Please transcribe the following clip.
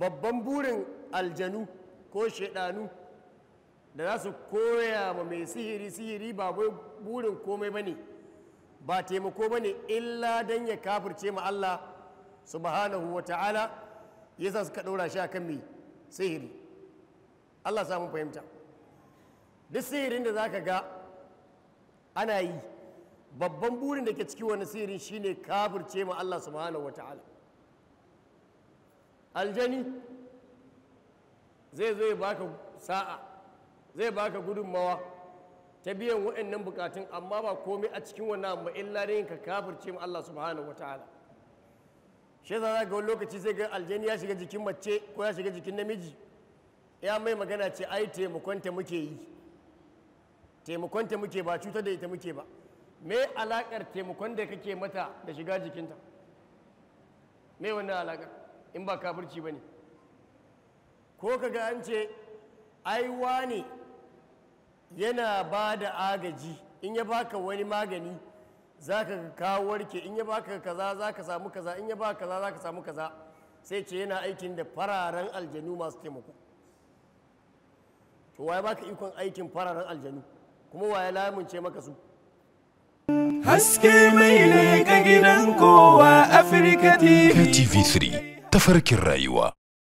babban burin aljanu ko shaidanu da za su koya ma mai sihiri sihiri ba burin komai ba ne ba taimako ba ne illa don ya kafirce ma Allah subhanahu wa ta'ala ya sa suka ɗora shi a kan mai sihiri Allah samun fahimta duk sihirin da za ka ga ana yi babban burin da ke ciki wani sihirin shine kafirce ma Allah subhanahu wa ta'ala aljani zai zo baka sa'a zai baka gudunmawa ta biyan waɗannan bukatun amma ba komai a cikin wannan amma illa dai ka kafirce mu Allah subhanahu wataala shi yasa za ga wani lokaci sai ga aljani ya shiga jikin mace ko ya shiga jikin namiji ya mai magana ce ai taimakonta muke yi taimakonta muke ba cutar da ita muke ba me alakar taimakon da kake mata da shiga jikinta me wannan alakar in ba kafirci ba ne ko kaga an ce aiwa ne yana ba da agaji in ya baka wani magani za ka kawo warke in ya baka kaza za ka samu kaza in ya baka kaza za ka samu kaza sai ce yana aikin da fararen aljanu masu taimako to waye baka ikon aikin fararen aljanu kuma waye lamunce maka su haske mai leka gidan kowa afirka tv3 tafarkin rayuwa.